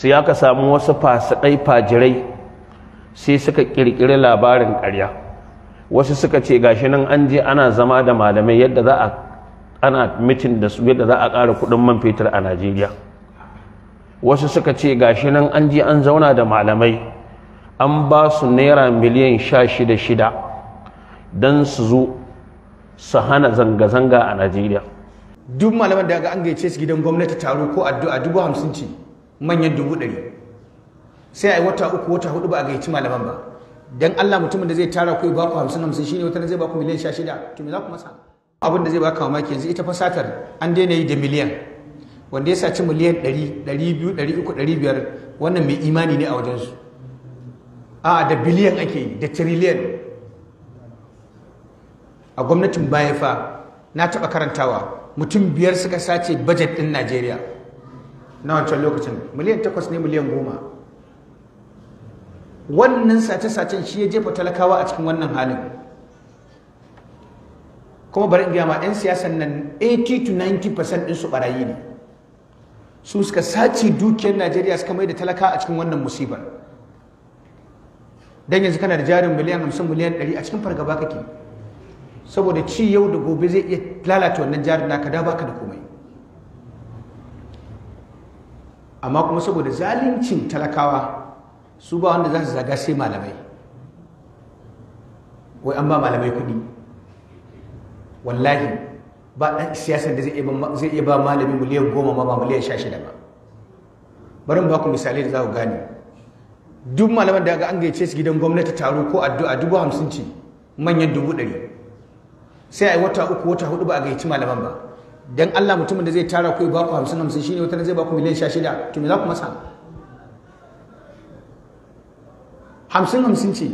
sai aka samu wasu fasikai fajirai sai suka kirkiri labarin karya, wasu suka ce gashi nan an je ana zama da malamai yadda za a ana mitin da su yadda za a ƙara kuɗin man fetur a Najeriya wasu suka ce gashi nan an je an zauna da malamai an ba su naira miliyan sha shida shida don su zo su hana zanga-zanga a Najeriya duk malaman da ga an gaice su gidan gwamnati taro ko addu'a dubu hamsin ce manyan dubu ɗari sai a yi wata uku wata hudu ba a gayyaci malaman ba dan Allah mutumin da zai tara ku ba ku hamsin hamsin shine wata zai ba ku miliyan shashida to me za ku masa abin da zai baka mamaki yanzu ita fasatar an daina yi da miliyan wanda ya saci miliyan ɗari ɗari biyu ɗari uku ɗari biyar wannan mai imani ne a wajen su a da biliyan ake da tiriliyan a gwamnatin baya fa na taɓa karantawa mutum biyar suka sace bajet ɗin najeriya na wancan lokacin miliyan takwas ne miliyan goma wannan sace-sacen shi ya jefa talakawa a cikin wannan halin kuma bari in gama 'yan siyasan nan 80 to 90% ɗinsu barayi ne su suka sace dukiyar najeriya suka mai da talaka a cikin wannan musibar don yanzu kana da jarin miliyan 50 miliyan 100 a cikin fargaba kake saboda ci yau da gobe zai iya lalata wannan jarin naka da baka da komai amma kuma saboda zalincin talakawa su ba wanda za su zaga sai malamai wai an ba malamai kuɗi wallahi ba ɗan siyasar da zai iya ba malami miliyan goma ma ba miliyan sha shida ba barin ba ku misalai da za ku gane duk malaman da an gaice su gidan gwamnati taro ko addu'a dubu hamsin ce manyan dubu ɗari sai a yi wata uku wata hudu ba a gaici malaman ba dan Allah mutumin da zai tara ku ba ku 50 50 shine wata zai ba ku miliyan 16 to me za ku masa 50 50 ce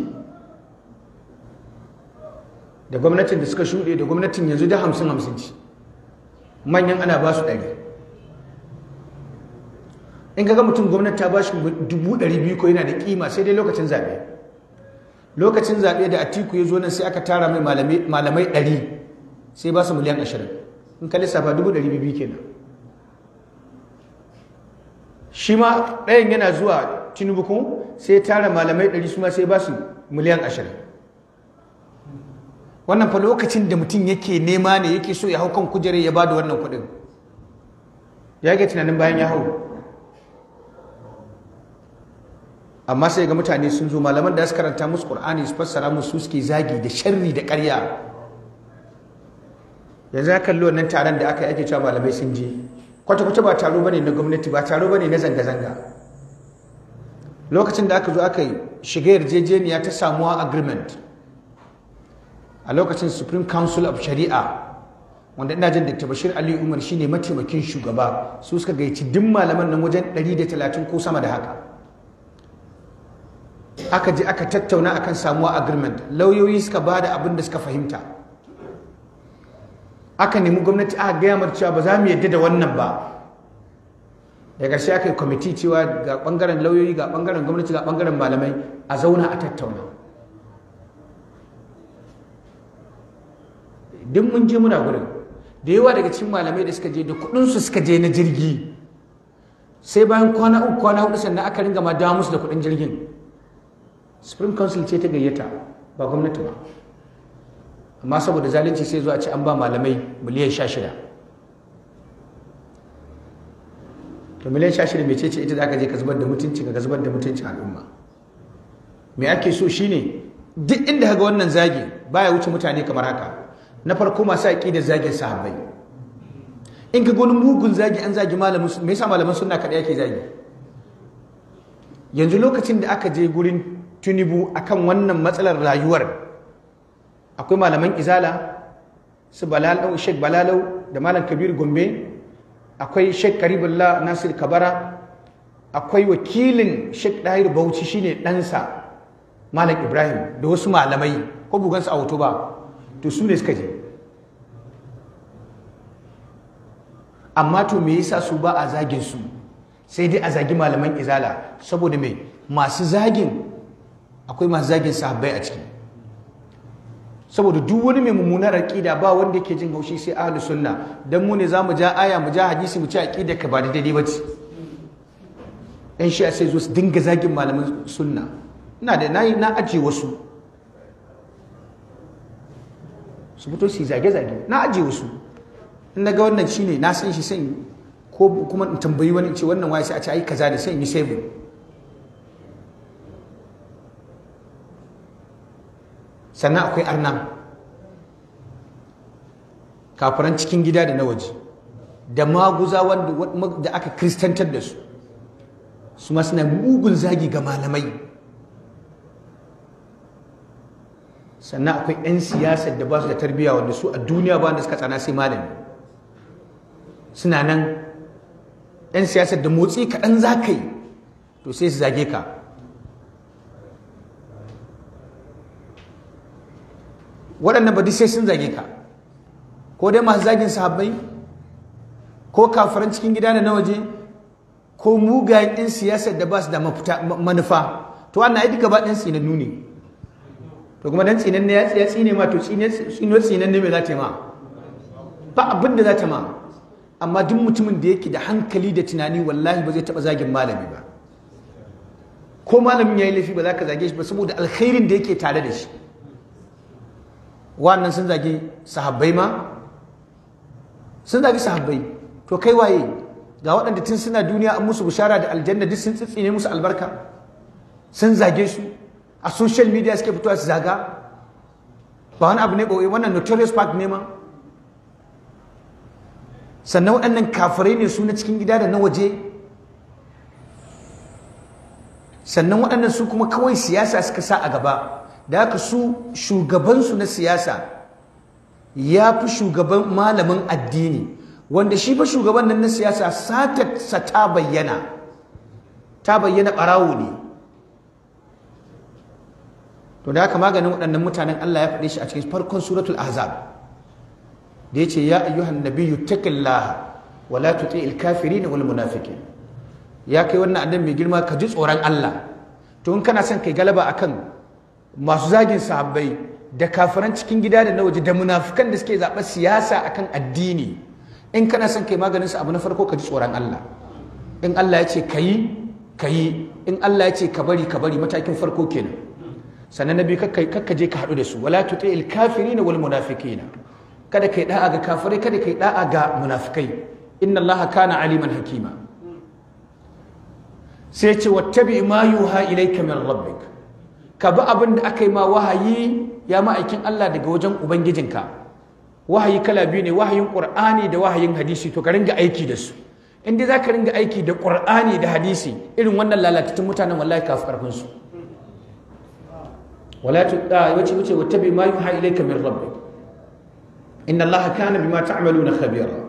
da gwamnatin da suka shuɗe da gwamnatin yanzu da 50 50 ce manyan ana ba su ɗari in ga mutum gwamnati ta ba shi dubu ɗari biyu ko yana da kima sai dai lokacin zaɓe lokacin zaɓe da atiku ya zo nan sai aka tara mai malamai ɗari sai ba su miliyan ashirin in ka lissafa dubu ɗari biyu kenan shi ma ɗayan yana zuwa tinubu kun sai tara malamai ɗari su ma sai ba su miliyan ashirin wannan fa lokacin da mutum yake nema ne yake so ya hau kan kujerai ya ba da wannan kuɗin ya ga tunanin bayan ya hau amma sai ga mutane sun zo malaman da su karanta musu qur'ani su fassara musu suke zagi da sharri da ƙarya yanzu ya kalli wannan taron da aka yi ake cewa malamai sun je kwata-kwata ba taro bane na gwamnati ba taro bane na zanga-zanga lokacin da aka zo aka yi shiga yarjejeniya ta samuwa agreement a lokacin supreme council of shari'a wanda ina jin ta bashir ali umar shine mataimakin shugaba su suka gaici duk malaman nan wajen 130 ko sama da haka aka je aka tattauna akan samuwa agreement lauyoyi suka ba da abin da suka fahimta aka nemi gwamnati aka gaya mata cewa ba za mu yadda da wannan ba Ya gashi aka yi kwamiti cewa ga ɓangaren lauyoyi ga ɓangaren gwamnati ga ɓangaren malamai a zauna a tattauna duk mun je muna gurin da yawa daga cikin malamai da suka je da kuɗinsu suka je na jirgi sai bayan kwana uku kwana hudu sannan aka ringa ma dawo musu da kuɗin jirgin supreme council ce ta gayyata ba gwamnati ba amma saboda zalunci sai zuwa ce an ba malamai miliyan sha shida to miliyan sha shida mai ce ita za ka je ka zubar da mutunci ka zubar da mutunci al'umma me ake so shine duk inda kaga wannan zagi baya wuce mutane kamar haka na farko masu da zagin sahabbai in ka gani mugun zagi an zagi malamin me yasa malaman sunna kaɗai ake zagi yanzu lokacin da aka je gurin tunibu akan wannan matsalar rayuwar akwai malaman izala su balalau eh, sheik balalau da malam kabir gombe akwai sheik karibullah nasir kabara akwai wakilin sheik dahir bauchi shine ɗansa malam ibrahim da wasu malamai ko bugansu a hoto ba to su ne suka je amma to me yasa su ba a zagin su sai dai a zagi malaman izala saboda me masu zagin akwai masu zagin sahabbai a ciki saboda duk wani mai mummunar aƙida ba wanda yake jin haushi sai ahlus sunna dan mu ne zamu ja aya mu ja hadisi mu ci aqida ka ba da daidai ce. yan shi sai zo su dinga zagin malaman sunna ina da nayi na aje wasu su fito su zage zage na aje wasu in na ga wannan shine na san shi sai ko kuma in tambayi wani ce wannan waye sai a ce ai kaza da sai in yi saving sannan akwai arna kafiran cikin gida da na waje da maguza wanda da aka kristantar da su su ma suna mugun zagi ga malamai sannan akwai 'yan siyasa da ba su da tarbiyya wanda su a duniya ba da suka tsana sai malami suna nan 'yan siyasar da motsi kaɗan za ka yi to sai su zage ka waɗannan ba duk sai sun zage ka ko dai masu zagin sahabbai ko kafiran cikin gida da na waje ko mugayen 'yan siyasar da ba su da manufa to wannan ai duka ba ɗin tsinannu ne to kuma ɗan tsinanne ya tsine ma to tsinuwar ne mai za ta yi ma ba abin da za ta ma amma duk mutumin da yake da hankali da tunani wallahi ba zai taɓa zagin malami ba ko malamin ya yi laifi ba za ka zage shi ba saboda alkhairin da yake tare da shi wannan sun zage sahabbai ma sun zage sahabbai to kai waye ga waɗanda tun suna duniya an musu bishara da aljanna duk sun tsitsine musu albarka sun zage su a social media suke fitowa su zaga ba wani abu ne ɓoye wannan notorious park ne ma sannan waɗannan kafirai ne su na cikin gida da na waje sannan waɗannan su kuma kawai siyasa suka sa a gaba da haka su shugabansu na siyasa ya fi shugaban malamin addini wanda shi ba shugaban nan na siyasa satarsa ta bayyana ta bayyana ɓarawo ne to da haka maganin waɗannan mutanen Allah ya faɗe shi a cikin farkon suratul ahzab da ya ce ya ayyuhan nabiyyu taqillaha wa la tuti'il kafirin wal munafiqin ya kai wannan annabi mai girma ka ji tsoron Allah to in kana son kai galaba akan masu zagin sahabbai da kafiran cikin gida da na waje da munafukan da suke zaɓa siyasa akan addini in kana son kai maganin su abu na farko ka ji tsoron Allah in Allah ya ce ka yi ka yi in Allah ya ce ka bari ka bari matakin farko kenan sannan na biyu kakka je ka haɗu da su wala tuti il kafirina wal munafiqina kada kai da'a ga kafirai kada kai da'a ga munafikai inna Allah kana aliman hakima sai ce wattabi ma yuha ilayka min rabbika ka bi abin da aka yi ma wahayi ya ma'aikin Allah daga wajen ubangijinka wahayi kala biyu ne wahayin ƙur'ani da wahayin hadisi to ka ringa aiki da su in dai za ka ringa aiki da ƙur'ani da hadisi irin wannan lalatattun mutanen wallahi ka fi karfin su wala tu wace wace wattabi ma yuha ilayka min rabbik inna allaha kana bima ta'maluna khabira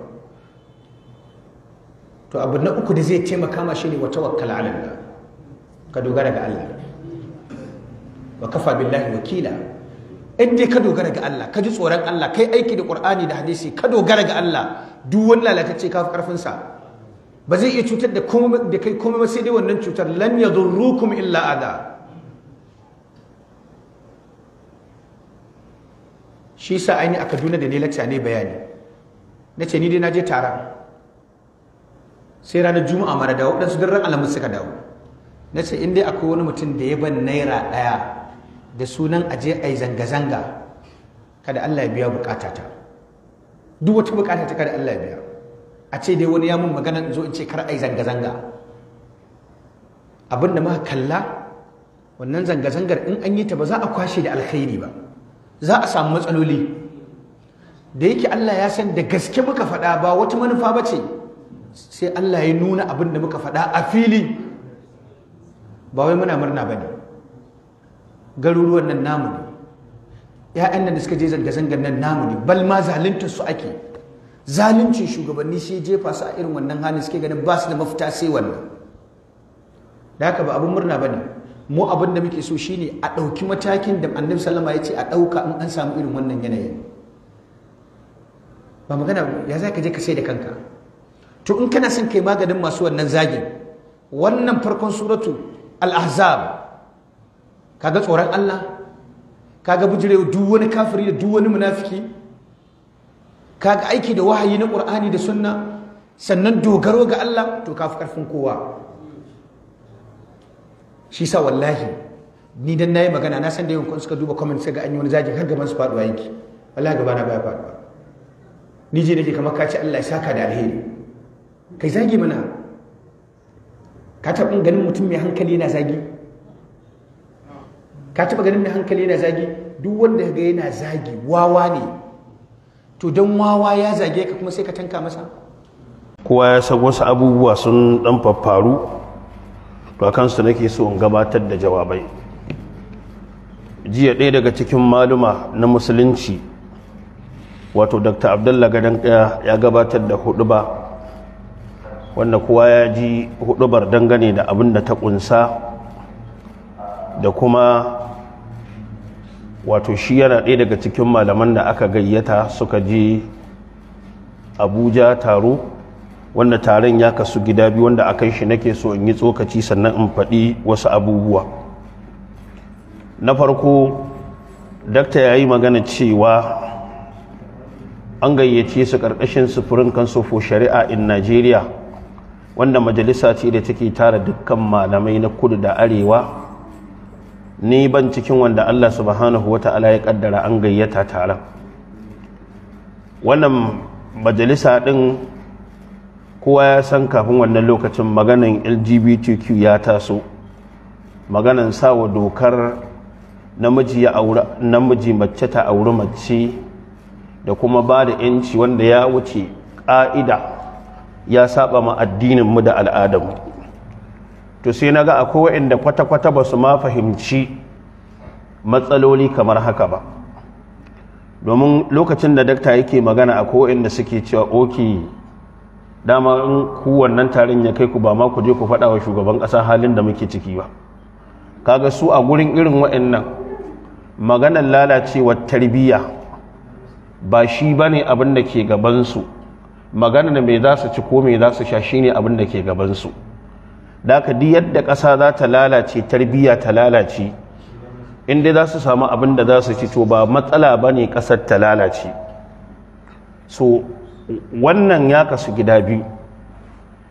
to abu na uku da zai taimaka ma shine wa tawakkal ala Allah ka dogara ga Allah wa kafa billahi wakila in dai ka dogara ga Allah ka ji tsoron Allah kai aiki da Qur'ani da hadisi ka dogara ga Allah duk wani lalatacce ka fi karfin sa ba zai iya cutar da komai da kai komai sai dai wannan cutar lan yadurrukum illa adha shi sa aini a Kaduna da ne lacca ne bayani ce ni dai na je tara. sai ranar juma'a mara dawo dan su duk ran alamun suka dawo na ce in dai akwai wani mutum da ya ban naira daya. da sunan aje a yi zanga-zanga kada Allah ya biya bukata ta duk wata bukata ta kada Allah ya biya a ce dai wani ya mun magana zo in ce kar a yi zanga-zanga abin da muka kalla wannan zanga-zangar in an yi ta ba za a kwashe da alkhairi ba za a samu matsaloli da yake Allah ya san da gaske muka faɗa ba wata manufa ba ce sai Allah ya nuna abin da muka faɗa a fili ba wai muna murna ba ne garuruwan nan namu ne ‘ya'yan nan da suka je zanga-zangar nan namu ne bal ma zaluntar su ake zaluncin shugabanni shi jefa su a irin wannan halin suke ganin ba su da mafita sai wannan da haka ba abin murna ba ne mu abin da muke so shine a ɗauki matakin da annabi sallama ya ce a ɗauka in an samu irin wannan yanayin ba magana ya za ka je ka sai da kanka to in kana son kai maganin masu wannan zagin wannan farkon suratu al kaga tsoron Allah kaga bijirewa duk wani kafiri da duk wani munafiki kaga aiki da wahayi na Qur'ani da sunna sannan dogaro ga Allah to kafi karfin kowa shi sa wallahi ni dan nayi magana na san da yankun suka duba comment sai ga an yi wani zagi har gaban su faduwa yanki wallahi gaba na baya faduwa ni je nake kamar ka ce Allah ya saka da alheri kai zagi mana ka taɓa ganin mutum mai hankali yana zagi ka taba ganin da hankali yana zagi duk wanda ga yana zagi wawa ne to don wawa ya zage ka kuma sai ka tanka masa kowa ya san wasu abubuwa sun dan faffaru to a kansu nake so in gabatar da jawabai jiya ɗaya daga cikin maluma na musulunci wato dr abdullah gadon ya gabatar da huduba wanda kowa ya ji hudubar dangane da abin da ta kunsa da kuma wato shi yana ɗaya daga cikin malaman da aka gayyata suka je abuja taro wanda taron ya kasu gida biyu wanda akan shi nake so in yi tsokaci sannan in faɗi wasu abubuwa na farko dakta ya yi magana cewa an gayyace su ƙarƙashin sufurin kansu for shari'a in najeriya wanda majalisa ce da take tara dukkan malamai na kudu da arewa ni ban cikin wanda Allah subhanahu wa ta'ala ya kaddara an gayyata tare wannan majalisa din kowa ya san kafin wannan lokacin maganin lgbtq ya taso Maganin sawa dokar namiji mace ta auri mace da kuma ba da yanci wanda ya wuce ƙa'ida ya saba ma addinin mu da al'adarmu to sai na ga akwai waɗanda kwata-kwata ba su ma fahimci matsaloli kamar haka ba domin lokacin da dakta yake magana a waɗanda suke cewa oke dama in ku tarin ya kai ku ba ma ku je ku faɗa wa shugaban ƙasa halin da muke ciki ba kaga su a gurin irin waɗannan maganar lalacewa tarbiyya ba shi ba ne abin da ke gabansu maganar mai za su ci ko mai za su sha shi ne abin da ke gabansu da ka di yadda ƙasa za ta lalace tarbiyya ta lalace inda za su samu abin da za su ci to ba matsala ba ne ƙasar ta lalace so wannan ya kasu gida biyu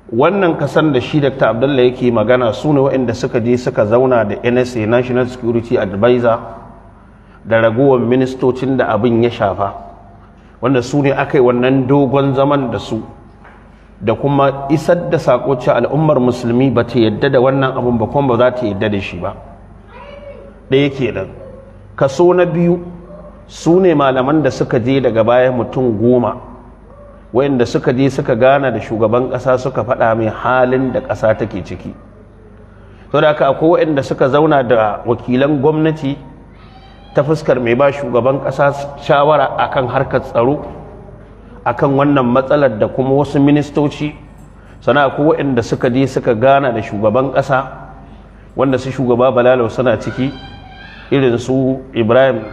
wannan kasan da shi dr abdullah yake magana su ne waɗanda suka je suka zauna da nsa national security advisor da ragowar ministocin da abin ya shafa wanda su ne aka yi wannan dogon zaman da su da kuma isar da sakoci al'ummar musulmi ba ta yadda da wannan abun ba kuma ba za ta yadda da shi ba ɗaya kenan kaso na biyu su ne malaman da suka je daga baya mutum goma wayanda suka je suka gana da shugaban ƙasa suka faɗa mai halin da ƙasa take ciki to da akwai wayanda suka zauna da wakilan gwamnati ta fuskar mai ba shugaban ƙasa shawara akan harkar tsaro akan wannan matsalar da kuma wasu ministoci sana ko waɗanda suka je suka gana da shugaban ƙasa wanda su shugaba balalau suna ciki irin su ibrahim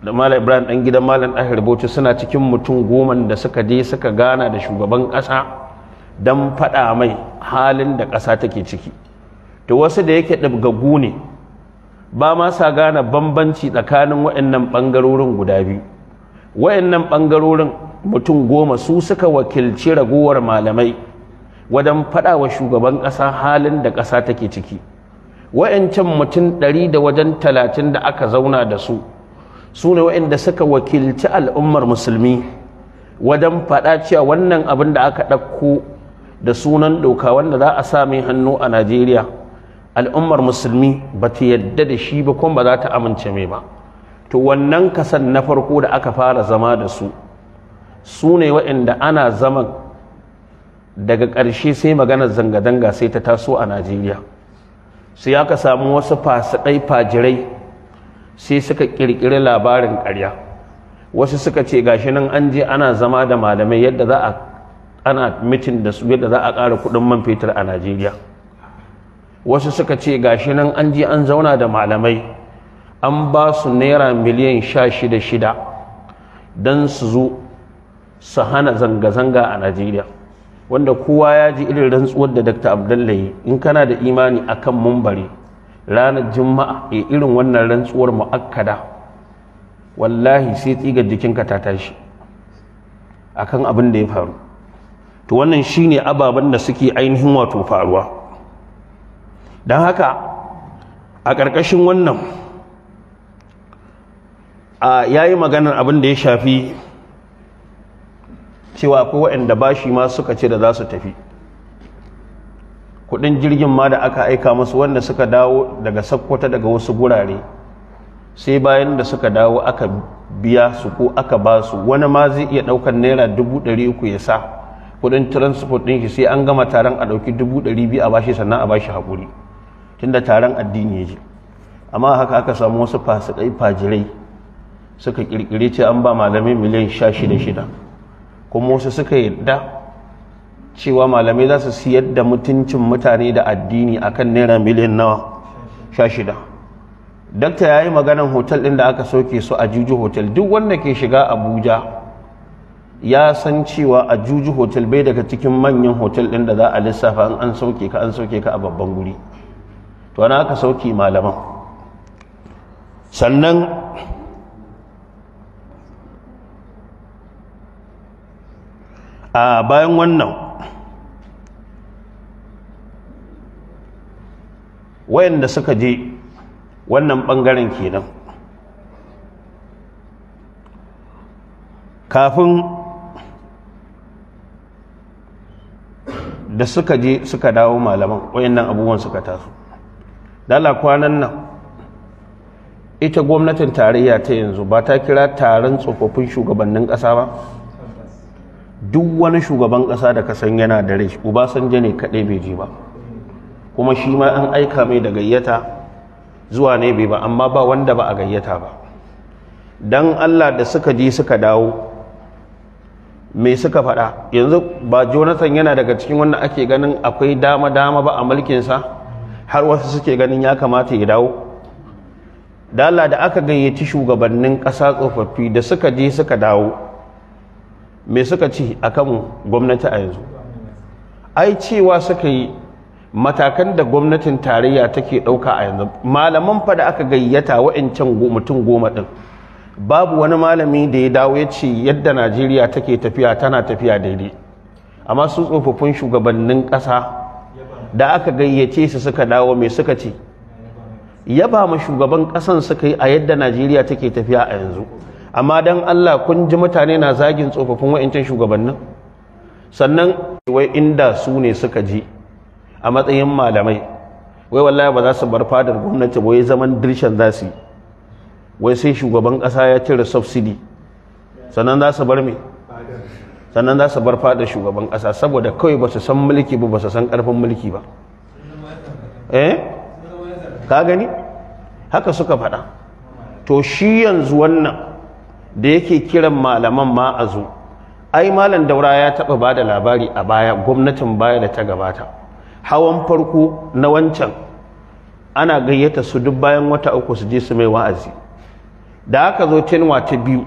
da malam ibrahim ɗan gidan malam ɗahir bauchi suna cikin mutum goma da suka je suka gana da shugaban ƙasa don faɗa mai halin da ƙasa take ciki to wasu da yake ɗabgaggu ne ba ma sa gane bambanci tsakanin waɗannan ɓangarorin guda biyu waɗannan ɓangarorin mutum goma su suka wakilci ragowar malamai wajen faɗa wa shugaban ƙasa halin da ƙasa take ciki wa'ancan mutum ɗari da wajen talatin da aka zauna da su su ne wa'anda suka wakilci al'ummar musulmi wajen faɗa cewa wannan abin da aka ɗauko da sunan doka wanda za a sa sami hannu a najeriya al'ummar musulmi ba ta yadda da shi ba kuma ba za ta amince mai ba to wannan kasan na farko da aka fara zama da su su ne waɗanda ana zaman daga ƙarshe sai maganar zanga-zanga sai ta taso a najeriya sai ka samu wasu fasaɗai fajirai sai suka ƙirƙiri labarin ƙarya wasu suka ce gashi nan an je ana zama da malamai yadda za a ana mitin da su yadda za a ƙara kuɗin man fetur a najeriya wasu suka ce gashi nan an je an zauna da malamai an ba su naira miliyan sha shida shida don su zo su hana zanga-zanga a najeriya wanda kowa ya ji irin rantsuwar da dr abdullahi in kana da imani akan mumbari ranar juma'a ya irin wannan rantsuwar mu'akkada wallahi sai tsiga jikinka ta tashi akan abin da ya faru to wannan shine ababen da suke ainihin wato faruwa don haka a ƙarƙashin wannan a yayi maganar abin da ya shafi cewa akwai waɗanda bashi ma suka ce da za su tafi kudin jirgin ma da aka aika masu wanda suka dawo daga sakkwata daga wasu gurare sai bayan da suka dawo aka biya su ko aka ba su wani ma zai iya ɗaukar naira dubu ɗari uku ya sa kudin transport ɗin shi sai an gama taron a ɗauki dubu ɗari biyu a bashi sannan a bashi haƙuri tunda taron addini ya ji amma haka aka samu wasu fasikai fajirai suka ƙirƙire ce an ba malamai miliyan sha shida shida kuma wasu suka yadda cewa malamai za su siyar da mutuncin mutane da addini akan naira miliyan na sha shida dakta ya yi maganan hotel ɗin da aka soke su a juju hotel duk wanda ke shiga abuja ya san cewa a juju hotel bai daga cikin manyan hotel ɗin da za a lissafa in an sauke ka an sauke ka a babban guri to ana aka sauke malaman sannan a bayan wannan wayanda suka je wannan bangaren kenan kafin da suka je suka dawo malaman wayannan abubuwan suka taso dala kwanan nan ita gwamnatin tarayya ta yanzu ba ta kira taron tsofaffin shugabannin ƙasa ba duk wani shugaban ƙasa da kasan yana da rai san ne kaɗai bai je ba kuma shi ma an aika mai da gayyata zuwa ne bai ba amma ba wanda ba a gayyata ba don allah da suka ji suka dawo mai suka faɗa yanzu ba jonathan yana daga cikin wanda ake ganin akwai dama-dama ba a mulkinsa har wasu suke ganin ya kamata ya dawo dala da aka gayyaci shugabannin ƙasa tsofaffi da suka je suka dawo mai suka ci akan gwamnati a yanzu ai cewa suka yi matakan da gwamnatin tarayya take ɗauka a yanzu malaman fa da aka gayyata wa'ancan mutum goma ɗin babu wani malami da ya dawo ya ce yadda najeriya take tafiya tana tafiya daidai amma su tsofaffin shugabannin ƙasa da aka gayyace su suka dawo mai suka ce yaba ma shugaban ƙasan suka yi a yadda najeriya take tafiya a yanzu amma don Allah kun ji mutane na zagin tsofaffin wa'incin shugabannin sannan wai inda su ne suka ji a matsayin malamai wai wallahi ba za su bar fadar gwamnati wai zaman dirshan za su yi wai sai shugaban ƙasa ya cire subsidy sannan za su bar me sannan za su bar fadar shugaban ƙasa saboda kawai ba su san mulki ba ba su san ƙarfin mulki ba eh ka gani haka suka faɗa to shi yanzu wannan da yake kiran malaman ma a zo ai malam daura ya taɓa bada labari a baya gwamnatin baya da ta gabata hawan farko na wancan ana gayyata su duk bayan wata uku su je su mai wa'azi da aka zo tinwa ta biyu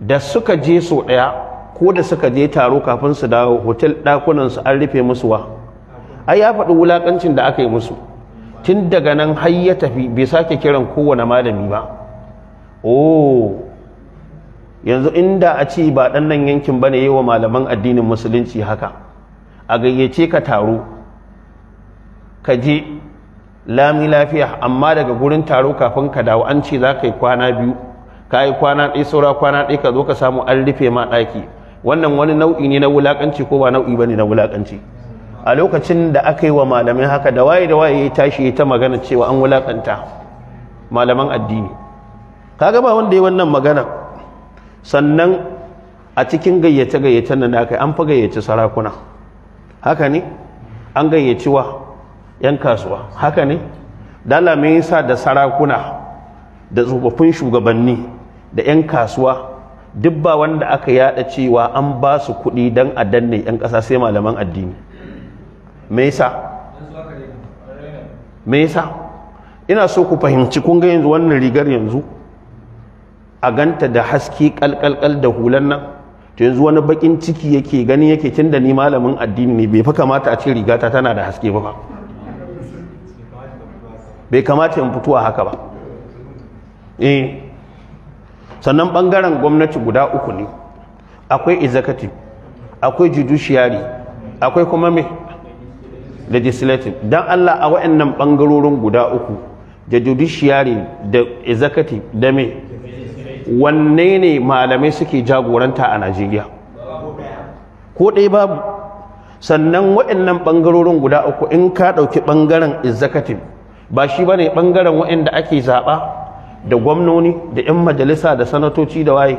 da suka je so daya ko da suka je taro kafin su dawo hotel dakunan su an rufe musu wa ai ya faɗi wulakancin da aka yi musu tun daga nan har ya tafi bai sake kiran kowane malami ba oh yanzu inda a ce ba ɗan nan yankin ba ne yi wa malaman addinin musulunci haka a gayyace ka taro ka je lami lafiya amma daga gurin taro kafin ka dawo an ce za ka yi kwana biyu ka yi kwana ɗaya saura kwana ɗaya ka zo ka samu an rufe ma ɗaki wannan wani nau'i ne na wulaƙanci ko ba nau'i ba ne na wulaƙanci a lokacin da aka yi wa malamai haka da waye da waye ya tashi ya ta magana cewa an wulaƙanta malaman addini ka gaba wanda yi wannan magana sannan a cikin gayyace gayyacen nan aka yi an fi gayyaci sarakuna haka ne an gayyaci wa yan kasuwa haka ne dala me yasa da sarakuna da tsofaffin shugabanni da yan kasuwa duk ba wanda aka yada cewa an ba su kuɗi don a danne yan ƙasa sai malaman addini me yasa me yasa ina so ku fahimci kun ga yanzu wannan rigar yanzu a ganta da haske kalkalkal da hulan nan to yanzu wani bakin ciki yake gani yake tun da ni malamin addini ne bai fi kamata a ce rigata tana da haske ba bai kamata in fito haka ba eh sannan bangaren gwamnati guda uku ne akwai executive akwai judiciary akwai kuma me legislative dan Allah a wa'annan bangarorin guda uku da judiciary da executive da me wanne ne malamai suke jagoranta a najeriya ko ɗaya babu sannan waɗannan ɓangarorin guda uku in ka ɗauki ɓangaren izzakatin ba shi ba ne ɓangaren waɗanda ake zaɓa da gwamnoni da 'yan majalisa da sanatoci da waye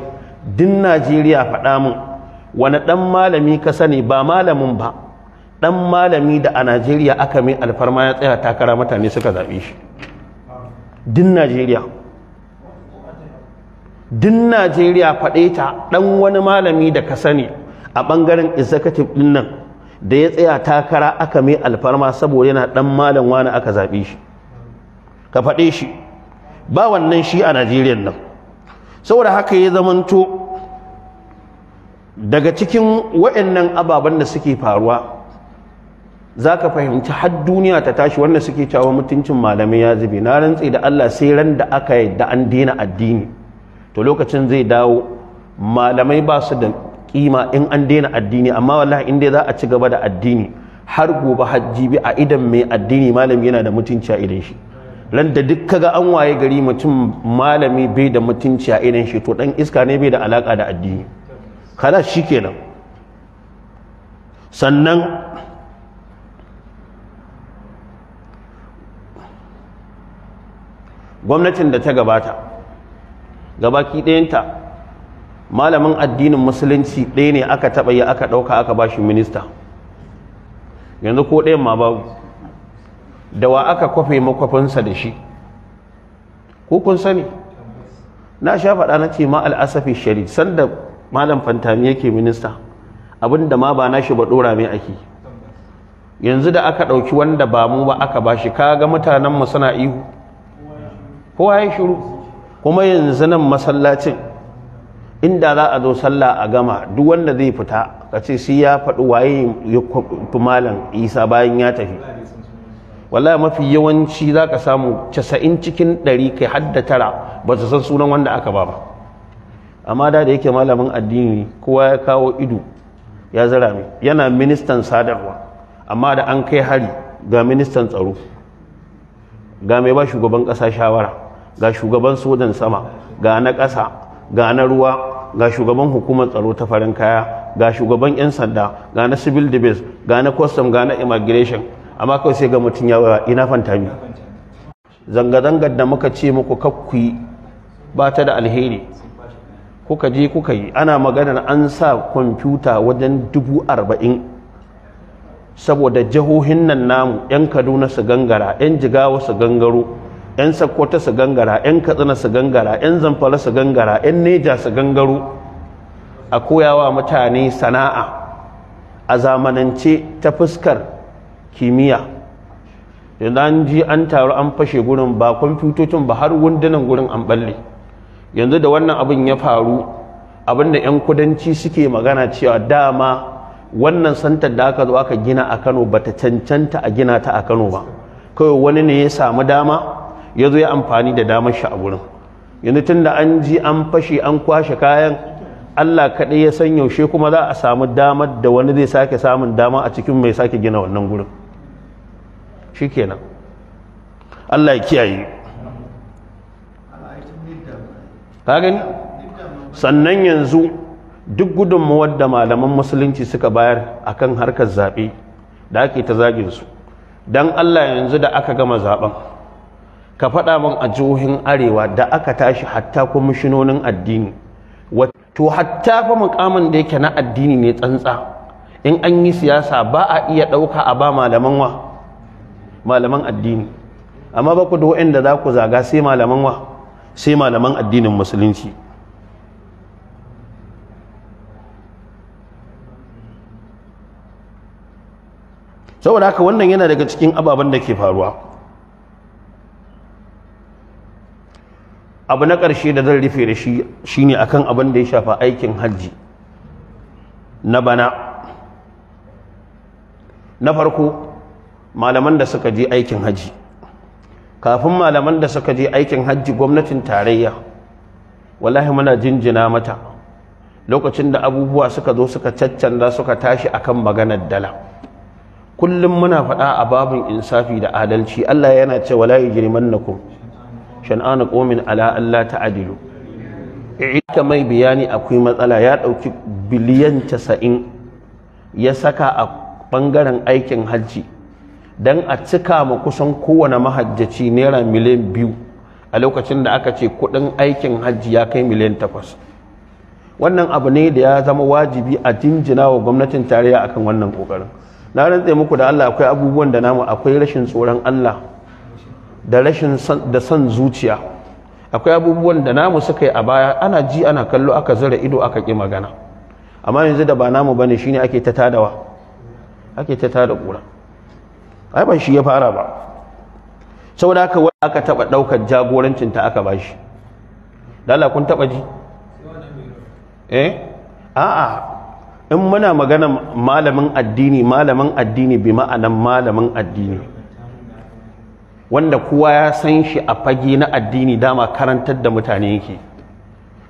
din najeriya faɗa mun wani ɗan malami ka sani ba malamin ba ɗan malami da a najeriya aka mai alfarma ya tsaya takara mutane suka zaɓe shi din najeriya din najeriya faɗe ta ɗan wani malami da ka sani a ɓangaren executive ɗin nan da ya tsaya takara aka mai alfarma saboda yana ɗan malam wani aka zaɓe shi ka faɗe shi ba wannan shi a najeriya nan saboda haka ya zamanto daga cikin waɗannan ababen da suke faruwa za ka fahimci har duniya ta tashi wanda suke cewa mutuncin malamai ya zube na rantse da allah sai ran da aka yi da an daina addini to lokacin zai dawo malamai ba su da kima in an daina addini amma wallahi in dai za a ci gaba da addini har gobe hajji bi a idan mai addini malami yana da mutunci a idan shi ran da duk kaga an waye gari mutum malami bai da mutunci a idan shi to dan iska ne bai da alaka da addini khalas shikenan sannan gwamnatin da ta gabata gabaki ɗayanta malamin addinin musulunci ɗaya ne aka taɓa yi aka ɗauka aka ba shi minista yanzu ko ɗayan ma babu da wa aka kwafe makwafinsa da shi ko kun sani na sha faɗa na ce ma al'asafi shari sanda malam fantami yake minista abinda ma ba nashi ba ɗora mai ake yanzu da aka ɗauki wanda ba mu ba aka ba shi ka ga mutanenmu suna ihu kowa ya shiru kuma yanzu nan masallacin inda za a zo sallah a gama duk wanda zai fita ka ce shi ya faɗi waye ya malam isa bayan ya tafi wallahi mafi yawanci za ka samu casa'in cikin ɗari kai har tara ba su san sunan wanda aka ba ba amma da da yake malamin addini kowa ya kawo ido ya zira mai yana ministan sadarwa amma da an kai hari ga ministan tsaro ga mai ba shugaban ƙasa shawara ga shugaban sojan sama ga na ƙasa ga na ruwa ga shugaban hukumar tsaro ta farin kaya ga shugaban 'yan sanda ga na civil defense ga na kwastam ga na immigration amma kawai sai ga mutum ya ina fantami zanga-zangar da muka ce muku kakkuyi ba ta da alheri kuka je kuka yi ana maganar an sa kwamfuta wajen dubu arba'in saboda jihohin nan namu 'yan kaduna su gangara 'yan jigawa su gangaro 'yan sakkwata su gangara 'yan katsina su gangara 'yan zamfara su gangara 'yan neja su gangaro a koyawa mutane sana'a a zamanance ta fuskar kimiyya yanzu an ji an taru an fashe gurin ba kwamfutocin ba har wundunan gurin an balle yanzu da wannan abin ya faru abinda 'yan kudanci suke magana cewa dama wannan santar da aka zo aka gina a kano ba ta cancanta a gina ta a kano ba kawai wani ne ya samu dama ya zo ya amfani da damar shi a gurin yanzu tun da an ji an fashe an kwashe kayan allah kaɗai ya san yaushe kuma za a samu damar da wani zai sake samun dama a cikin mai sake gina wannan gurin shi allah ya kiyaye ka gani sannan yanzu duk gudunmawar da malaman musulunci suka bayar a kan harkar zaɓe da ake ta zagin su don allah yanzu da aka gama zaɓen ka faɗa min a jihohin arewa da aka tashi hatta kwamishinonin addini to hatta fa mukamin da yake na addini ne tsantsa in an yi siyasa ba a iya ɗauka a ba malaman wa malaman addini amma ba ku da waɗanda za ku zaga sai malaman wa sai malaman addinin musulunci saboda haka wannan yana daga cikin ababen da ke faruwa abu na ƙarshe da zan rufe da shi shine akan abin da ya shafa aikin hajji na bana na farko malaman da suka je aikin hajji kafin malaman da suka je aikin hajji gwamnatin tarayya wallahi muna jinjina mata lokacin da abubuwa suka zo suka caccanza suka tashi akan maganar dala kullum muna faɗa a babin insafi da adalci Allah yana ce wala yajrimannakum Shan'ana ƙomin ala ta adilu ita mai bayani akwai matsala ya ɗauki biliyan casa'in ya saka a ɓangaren aikin hajji Don a cika ma kusan kowane mahajjaci naira miliyan biyu a lokacin da aka ce kudin aikin hajji ya kai miliyan takwas wannan abu ne da ya zama wajibi a jinjina wa gwamnatin tarayya akan wannan kokarin na rantse muku da Allah akwai abubuwan da namu akwai rashin tsoron Allah da rashin da son zuciya akwai abubuwan da namu suka yi a baya ana ji ana kallo aka zara ido aka ƙi magana amma yanzu da ba namu bane shine ake ta tadawa ake ta tada kura ai ban shi ya fara ba saboda haka wani aka taba daukar jagorancin ta aka bashi dala kun taba ji eh a'a in muna magana malamin addini malamin addini bi ma'anan malamin addini wanda kowa ya san shi a fage na addini dama karantar da mutane yake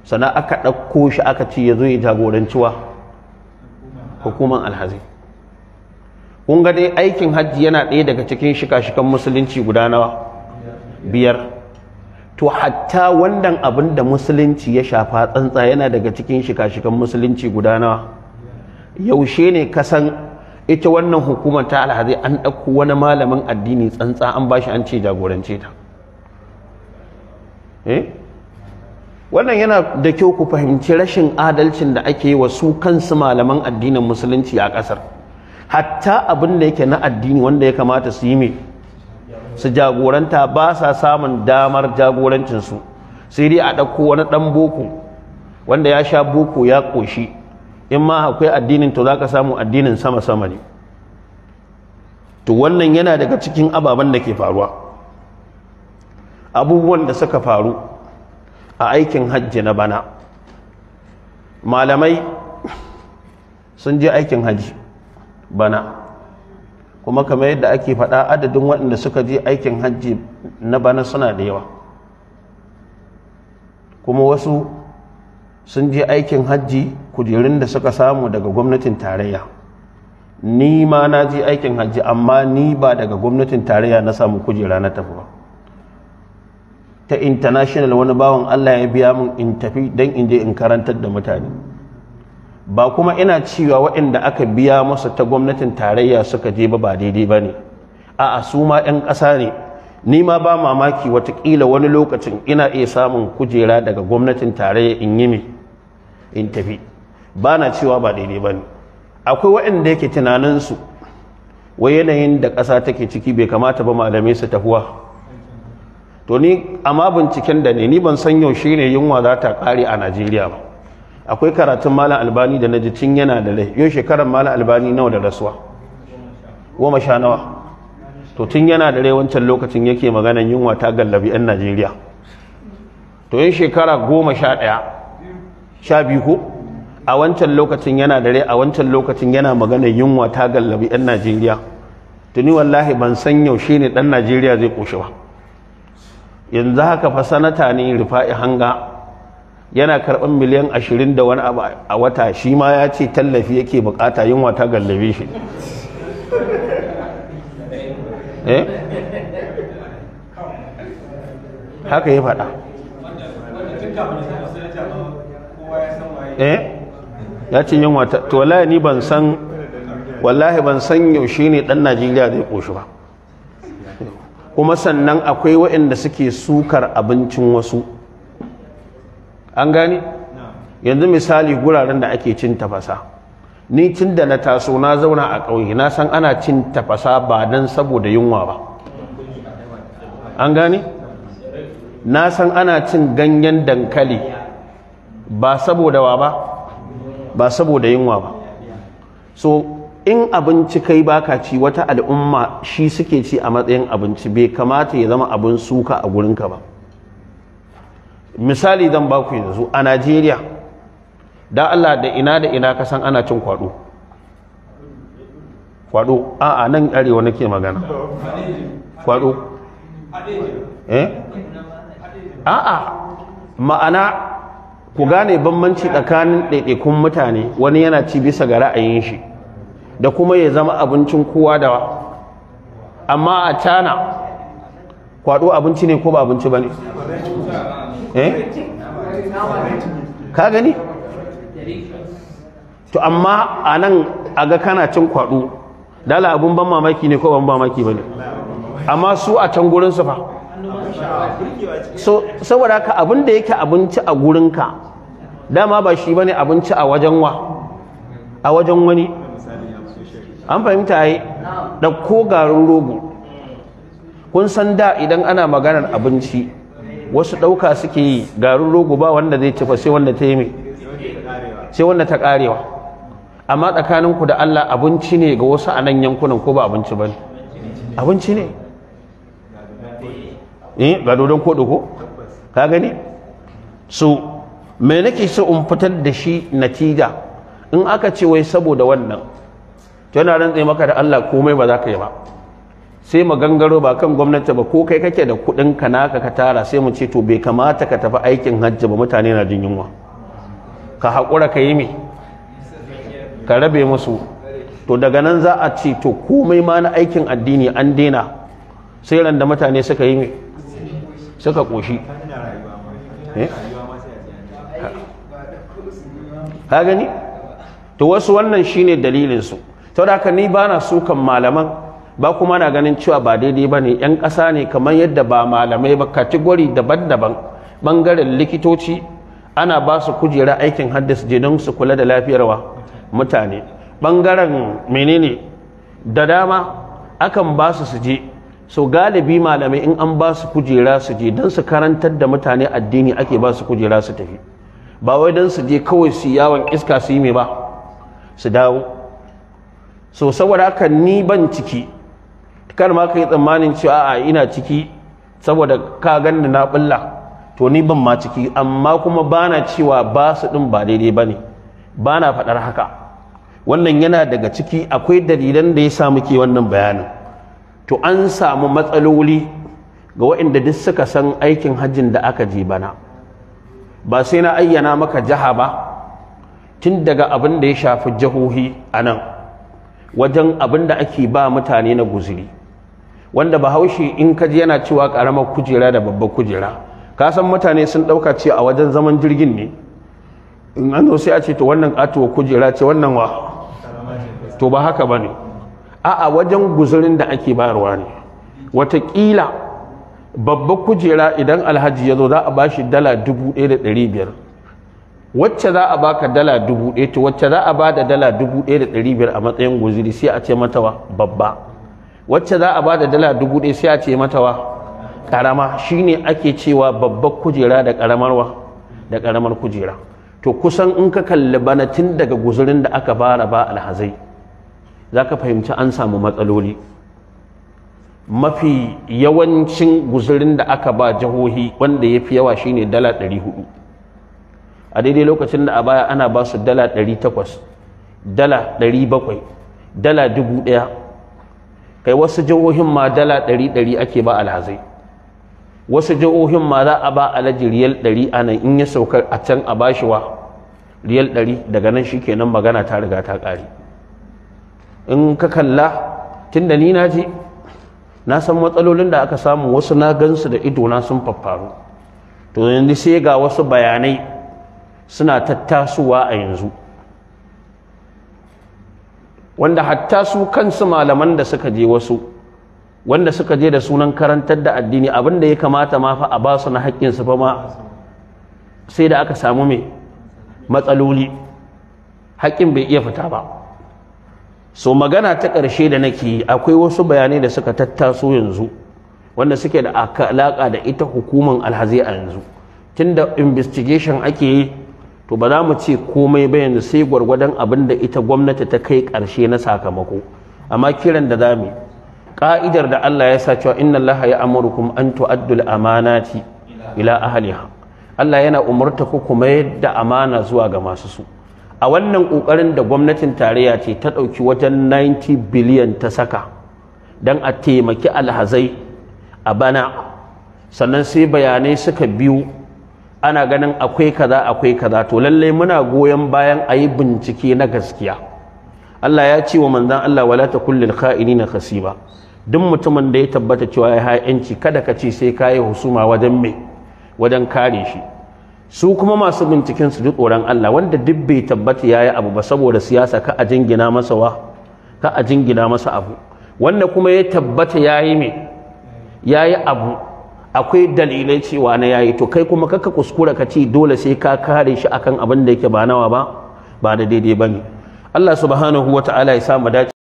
sannan aka ɗauko shi aka ce ya zo ya jagoranciwa hukuman alhazi kun ga dai aikin hajji yana ɗaya daga cikin shika-shikan musulunci guda nawa biyar to hatta wannan abin da musulunci ya shafa tsantsa yana daga cikin shika-shikan musulunci guda nawa yaushe ne kasan ita wannan hukumar ta alhazai an ɗauko wani malamin addini tsantsa an bashi an ce jagorance ta eh? wannan yana da kyau ku fahimci rashin adalcin da ake yi wa su kansu malaman addinin musulunci a ƙasar hatta abin da yake na addini wanda ya kamata su yi mai su jagoranta ba sa samun damar jagorancinsu sai dai a ɗauko wani ɗan boko wanda ya sha boko ya ƙoshi in ma akwai addinin to za ka samu addinin sama-sama ne to wannan yana daga cikin ababen da ke faruwa abubuwan da suka faru a aikin hajji na bana malamai sun je aikin hajji bana kuma kamar yadda ake faɗa adadin waɗanda suka je aikin hajji na bana suna da yawa kuma wasu sun je aikin hajji kujerun da suka samu daga gwamnatin tarayya ni ma na je aikin hajji amma ni ba daga gwamnatin tarayya na samu kujera na tafi ba ta international wani bawan Allah ya biya mun in tafi don in je in karantar da mutane ba kuma ina cewa waɗanda aka biya masa ta gwamnatin tarayya suka je ba daidai ba ne a'a su ma 'yan ƙasa ne ni ma ba mamaki watakila wani lokacin ina iya samun kujera daga gwamnatin tarayya in yi mai in tafi ba na cewa ba daidai ba ne akwai waɗanda yake tunaninsu wa yanayin da ƙasa take ciki bai kamata ba malamai su tafuwa to ni amma binciken da ne ni ban san yaushe ne yunwa za ta ƙare a najeriya ba akwai karatun malam albani da naji tun yana da rai yau shekarar malam albani nawa da rasuwa goma sha nawa to tun yana da rai wancan lokacin yake maganan yunwa ta gallabi 'yan najeriya to yin shekara goma sha ɗaya sha biyu ko a wancan lokacin yana dare a wancan lokacin yana magana yunwa ta gallabi 'yan najeriya tuni wallahi ban san yaushe ne ɗan najeriya zai ƙoshi ba yanzu haka fa sanata ne rufa'i hanga yana karɓar miliyan ashirin da wani a wata shi ma ya ce tallafi yake bukata yunwa ta gallabe shi eh? haka ya faɗa eh ya ce yunwa ta to wallahi ni ban san wallahi ban san yaushe ne dan Najeriya zai koshi ba kuma sannan akwai waɗanda suke sukar abincin wasu an gani yanzu misali guraren da ake cin tafasa ni cin da na taso na zauna a ƙauye na san ana cin tafasa ba don saboda yunwa ba an gani na san ana cin ganyen dankali ba saboda wa ba ba saboda yunwa ba so in abinci kai baka ci wata al'umma shi suke ci a matsayin abinci bai kamata ya zama abin suka a gurinka ba misali zan baku yanzu a Najeriya da Allah da ina da ina kasan ana cin kwado kwado a a nan arewa nake magana kwado eh a a ma'ana ku gane bambanci tsakanin ɗaiɗaikun mutane wani yana ci bisa ga ra'ayin shi da kuma ya zama abincin kowa da amma a cana kwaɗo abinci ne ko ba abinci ba ne eh? ka gani to amma a nan a ga kana cin kwaɗo dala abin ban mamaki ne ko ban mamaki ba ne amma su a can gurinsu fa so saboda ka abin da yake abinci a gurinka dama ba shi bane abinci a wajen wa a wajen wani an fahimta yi ɗauko garin rogo kun san da idan ana maganar abinci wasu ɗauka suke yi garin rogo ba wanda zai tafa sai wanda ta yi sai wanda ta ƙarewa amma tsakaninku da allah abinci ne ga wasu a nan yankunan ko ba abinci ba ne abinci ne eh ga dodon kodo ko ka gani so me nake so in fitar da shi natija in aka ce wai saboda wannan to yana rantse maka da Allah komai ba za ka yi ba sai mu gangaro ba kan gwamnati ba ko kai kake da kuɗin ka naka ka tara sai mu ce to bai kamata ka tafi aikin hajji ba mutane na jin yunwa ka haƙura ka yi me ka rabe musu to daga nan za a ce to komai ma na aikin addini an daina sai ran mutane suka yi me suka ƙoshi eh? ka gani to wasu wannan shine dalilinsu Ta da ni ba na sukan malaman ba kuma na ganin cewa ba daidai ba ne 'yan ƙasa ne kamar yadda ba malamai ba kategori daban-daban ɓangaren likitoci ana ba su kujera aikin haddis je su kula da lafiyarwa mutane ɓangaren menene da dama akan ba su su je so galibi malamai in an ba su kujera su je don su karantar da mutane addini ake ba su kujera su tafi ba wai don su je kawai su yawon iska su yi mai ba su dawo so saboda haka ni ban ciki kar ma ka yi tsammanin cewa a ina ciki saboda ka ganni na bulla to ni ban ma ciki amma kuma bana cewa ba su din ba daidai ba bane bana faɗar haka wannan yana daga ciki akwai dalilan da ya sa muke wannan bayanin to an samu matsaloli ga waɗanda duk suka san aikin hajjin da aka je bana ba sai na ayyana maka jiha ba tun daga abin da ya shafi jihohi a nan wajen abin da ake ba mutane na guziri wanda bahaushe in kaji yana cewa karamar kujera da babbar kujera ka san mutane sun ɗauka ce a wajen zaman jirgin ne in an zo sai a ce to wannan katuwa kujera ce wannan wa to ba haka ba ne a'a wajen guzurin da ake bayarwa ne Wataƙila babba kujera idan alhaji ya zo za a ba shi dala 1,500 wacce za a baka dala 1,000 wacce za a ba da dala 1,500 a matsayin guziri sai a ce matawa babba wacce za a ba da dala 1,000 sai a ce matawa karama ne ake cewa babba kujera da karamarwa da karamar kujera to kusan in ka kalli bana tun daga guzurin da aka fara ba alhazai za ka fahimci an samu matsaloli mafi yawancin guzurin da aka ba jihohi wanda ya fi yawa shi ne dala 400 a daidai lokacin da a baya ana ba su dala 800 dala 700 dala 1000 kai wasu jihohin ma dala 100 ake ba alhazai wasu jihohin ma za a ba alaji riyal 100 a nan in ya sauka a can a ba shi wa riyal 100 daga nan shi kenan magana ta riga ta ƙare in ka kalla da ni na je na san matsalolin da aka samu wasu na gansu da idona sun faffaru to yanzu sai ga wasu bayanai suna tattasowa a yanzu wanda hatta su kansu malaman da suka je wasu wanda suka je da sunan karantar da addini abin da ya kamata ma fa a ba su na haƙƙinsu fa ma sai da aka samu mai matsaloli haƙƙin bai iya fita ba so magana ta ƙarshe da nake akwai wasu bayanai da suka tattaso yanzu wanda suke da alaƙa da ita hukumar alhazi a yanzu tun da investigation ake yi to ba za mu ce komai ba yanzu sai gwargwadon abin da ita gwamnati ta kai ƙarshe na sakamako amma kiran da zamu ƙa'idar da Allah ya sa cewa inna Allah ya amurukum an tu'addul amanati ila ahliha Allah yana umarta ku kuma yadda amana zuwa ga masu su a wannan kokarin da gwamnatin tarayya ce ta ɗauki wajen 90 biliyan ta saka don a taimaki alhazai a bana sannan sai bayanai suka biyu ana ganin akwai kaza akwai kaza to lallai muna goyon bayan a yi bincike na gaskiya Allah ya ce wa manzan Allah wala ta kullil kha'inina khasiba duk mutumin da ya tabbata cewa ya ha'inci kada ka ce sai ka yi husuma wajen me wajen kare shi su kuma masu binciken su ji tsoron Allah wanda duk bai tabbata yayi abu ba saboda siyasa ka a jingina masa wa ka a jingina masa abu wanda kuma ya tabbata yayi me yayi abu akwai dalilai cewa na yayi to kai kuma kaka kuskura ka ce dole sai ka kare shi akan abin da yake ba nawa ba ba da daidai bane Allah subhanahu wataala ya sa mu dace